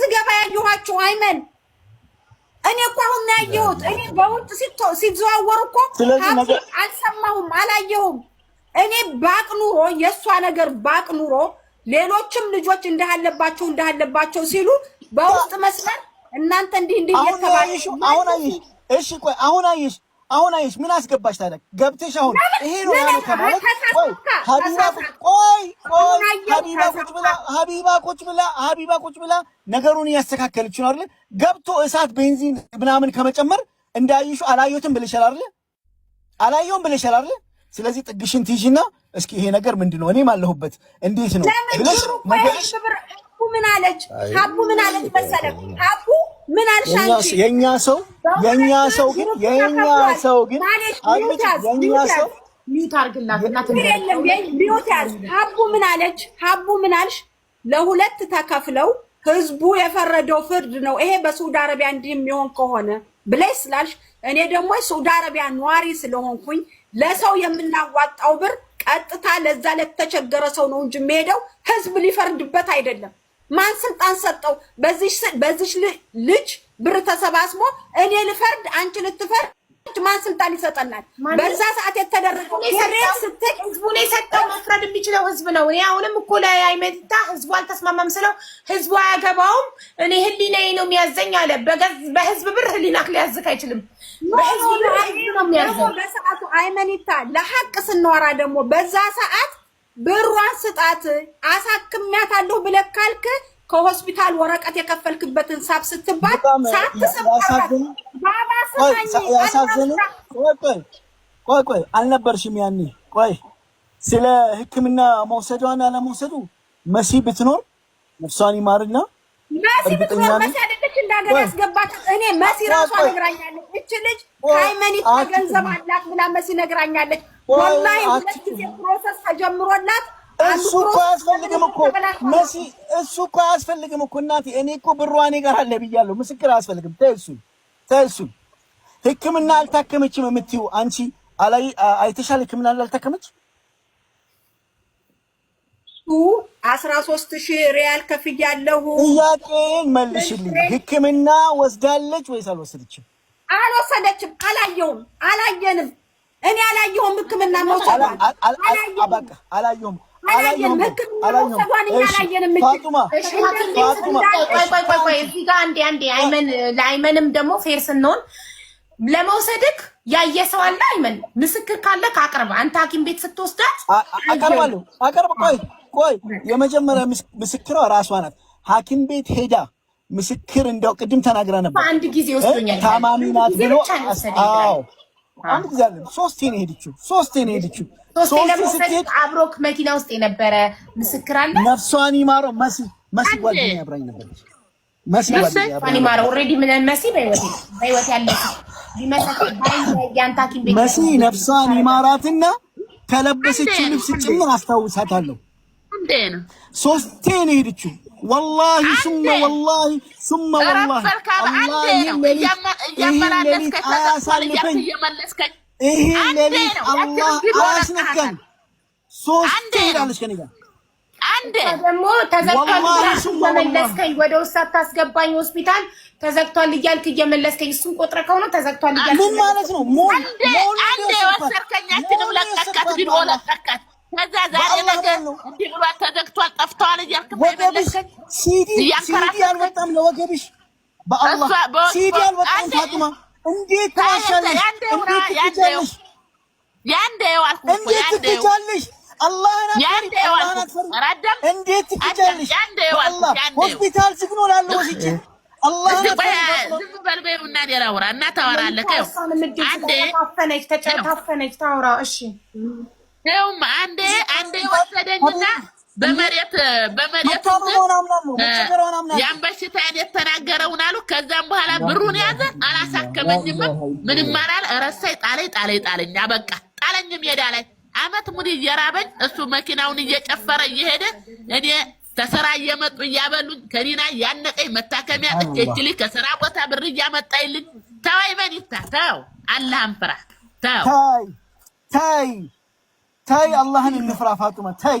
ስገባ ያየኋቸው አይመን እኔ እኮ አሁን ነው ያየሁት። እኔ በውጭ ሲዘዋወር እኮ አልሰማሁም፣ አላየሁም። እኔ ባቅ ኑሮ የእሷ ነገር ባቅ ኑሮ ሌሎችም ልጆች እንዳለባቸው እንዳለባቸው ሲሉ በውስጥ መስመር እናንተ እንዲህ እንዲህ እየተባለ አሁን አየሽ። እሺ ቆይ አሁን አየሽ አሁን አይሽ ምን አስገባሽ ታዲያ? ገብተሽ አሁን ይሄ ነው ያለው ከማለት ቆይ ሀቢባ ቆይ ቆይ ሀቢባ ቁጭ ብላ ሀቢባ ቁጭ ብላ ሀቢባ ቁጭ ብላ ነገሩን እያስተካከለች ነው አይደል? ገብቶ እሳት ቤንዚን ምናምን ከመጨመር እንዳይሹ አላየሁትም ብለሻል አይደል? አላየሁም ብለሻል አይደል? ስለዚህ ጥግሽን ትይዥና እስኪ ይሄ ነገር ምንድን ነው? እኔም አለሁበት እንዴት ነው ብለሽ ምን አለች? ሀቡ ምን አለች መሰለህ ሀቡ ምን አልሽ የኛ ሰው የኛ ሰው ግን የኛ ሰው ግን የኛ ሰው ሀቡ ምን አለች? ሀቡ ምን አልሽ? ለሁለት ተከፍለው ህዝቡ የፈረደው ፍርድ ነው ይሄ በሳውዲ አረቢያ እንዲህ የሚሆን ከሆነ ብለሽ ስላልሽ እኔ ደግሞ ሳውዲ አረቢያ ነዋሪ ስለሆንኩኝ ለሰው የምናዋጣው ብር ቀጥታ ለዛ ለተቸገረ ሰው ነው እንጂ የሚሄደው ህዝብ ሊፈርድበት አይደለም። ማን ስልጣን ሰጠው? በዚህ ልጅ ብር ተሰባስቦ እኔ ልፈርድ አንቺ ልትፈርድ ማን ስልጣን ይሰጠናል? በዛ ሰዓት የተደረገው ስትል ህዝቡን የሰጠው መፍረድ የሚችለው ህዝብ ነው። እኔ አሁንም እኮ ላይ ህዝቡ አልተስማማም ስለው ህዝቡ አያገባውም እኔ ህሊናዬ ነው የሚያዘኝ አለ። በህዝብ ብር ህሊናክ ሊያዝክ አይችልም። ነው በሰዓቱ አይመኒታ ለሀቅ ስንወራ ደግሞ በዛ ሰዓት ብሯን ስጣት አሳክሚያታለሁ ብለህ ካልክ ከሆስፒታል ወረቀት የከፈልክበትን ሳብ ስትባል ሳትስባሳዝን ቆይ ቆይ አልነበርሽም ያኔ ቆይ ስለ ሕክምና መውሰዷን አለመውሰዱ መሲ ብትኖር ነፍሷን ይማርና መሲ ብትኖር መሲ አይደለች እንዳገር ያስገባት። እኔ መሲ ራሷ ነግራኛለች። እች ልጅ ሃይመኒት ገንዘብ አላት ብላ መሲ ነግራኛለች። ወላሂ ሁለት ጊዜ ፕሮሰስ ተጀምሮላት እሱ እኮ አያስፈልግም እኮ መሲ፣ እሱ እኮ አያስፈልግም እኮ እናቴ። እኔ እኮ ብሯ እኔ ጋር አለ ብያለሁ። ምስክር አያስፈልግም። ተይ እሱን ተይ እሱን። ሕክምና አልታከመችም የምትይው አንቺ አላይ አይተሻል። ሕክምና አልታከመች አስራ ሺህ ሪያል ከፍያለሁ። ጥያቄን መልሽልኝ። ሕክምና ወስዳለች ወይስ አልወሰደችም? አልወሰደችም። አላየውም፣ አላየንም እኔ አላየሁም። ሕክምና መውሰዷን አላየሁም። አላየንም። ሕክምና ለአይመንም ደግሞ ፌር ስንሆን ለመውሰድክ ያየ ሰው አለ። አይመን ምስክር ካለ አቅርብ። አንተ ሐኪም ቤት ስትወስዳት አቀርባለሁ። አቀርብ። ቆይ ቆይ፣ የመጀመሪያ ምስክሯ ራሷ ናት። ሐኪም ቤት ሄዳ ምስክር እንደው ቅድም ተናግራ ነበር። አንድ ጊዜ ወስዶኛል ታማሚ ናት ብሎ አንድ ጊዜ አለ። ሶስቴ ነው የሄደችው፣ ሶስቴ ነው ሶስቴ ስትሄድ አብሮክ መኪና ውስጥ የነበረ ምስክር አለ። ነፍሷን ይማረው። መሲ መሲ ጓደኛ መሲ ጓደኛ ይማረው። ኦልሬዲ ምን መሲ በህይወት ያለ መሲ ነፍሷን ይማራትና ከለበሰችው ልብስ ጭምር አስታውሳታለሁ። ሶስቴ ነው ወላሂ ሱመ ወላሂ ሱመ ወላሂ አያሳልፈኝ። ይሄ ሌሊት አላህ ሆስፒታል ተዘግቷል እያልክ እየመለስከኝ እሱን ቆጥረህ ከሆነ ተዘግቷል እያልክ ምን ማለት ነው? አንዴ ከዛ ዛሬ ሲዲ ሲዲ አልወጣም ለወገብሽ በአላህ ሲዲ አልወጣም ፋጡማ እንዴት ታሻለሽ እንዴት ትጃለሽ ያንዴው አልኩ እንዴት ትጃለሽ አላህን አትፈሪ አላህን አትፈሪ እንዴት ትጃለሽ ያንዴው አልኩ ሆስፒታል ዝግኖ ላለው ሲጂ አላህን ዝም በል በይው እና ሌላ አውራ እና ታወራለህ ከው አንዴ ታፈነች ተጨታፈነች ታውራ እሺ ይኸውም አንዴ አንዴ ወሰደኝና በመሬት በመሬት ያን በሽታዬን የተናገረውን አሉ። ከዛም በኋላ ብሩን ያዘ፣ አላሳከመኝም። ምንም አላል ረሳይ ጣለኝ ጣለኝ ጣለኝ አበቃ ጣለኝም ሜዳ ላይ አመት ሙሉ እየራበኝ እሱ መኪናውን እየጨፈረ እየሄደ እኔ ከስራ እየመጡ እያበሉኝ ከኒና ያነቀኝ መታከሚያ ጥቼ እችል ከስራ ቦታ ብር እያመጣይልኝ ተወይ በኒታ ተው፣ አላህን ፍራ ተው ተይ ተይ አላህን እንፍራ ፋጡማ ተይ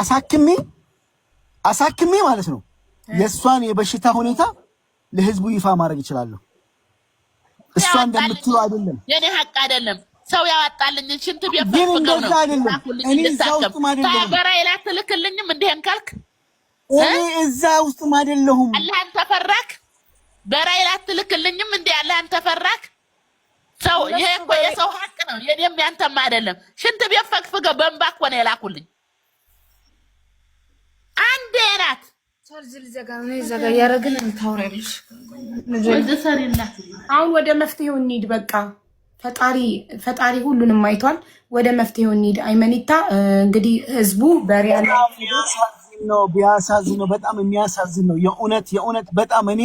አሳክሜ አሳክሜ ማለት ነው የእሷን የበሽታ ሁኔታ ለህዝቡ ይፋ ማድረግ ይችላለሁ። እሷ እንደምትለው አይደለም፣ የኔ ሀቅ አይደለም። ሰው ያወጣልኝ ሽንት ቤት ግን እንደዛ አይደለም። እኔ እዛ ውስጥም አይደለሁም። በራይ ላትልክልኝም እንዲህን ካልክ እኔ እዛ ውስጥም አይደለሁም። አላህን ተፈራክ። በራይ ላትልክልኝም እንዲ አላህን ተፈራክ። ሰው ይሄ እኮ የሰው ሀቅ ነው፣ የኔም ያንተም አይደለም። ሽንት ቤት ፈግፍገው በእንባ እኮ ነው የላኩልኝ ቻርጅ ነው። አንድ እራት አሁን ወደ መፍትሄው እንሂድ። በቃ ፈጣሪ ፈጣሪ ሁሉንም አይቷል። ወደ መፍትሄው እንሂድ። አይመኒታ እንግዲህ ህዝቡ በሪያል ነው። ቢያሳዝን ነው፣ በጣም የሚያሳዝን ነው። የእውነት የእውነት በጣም እኔ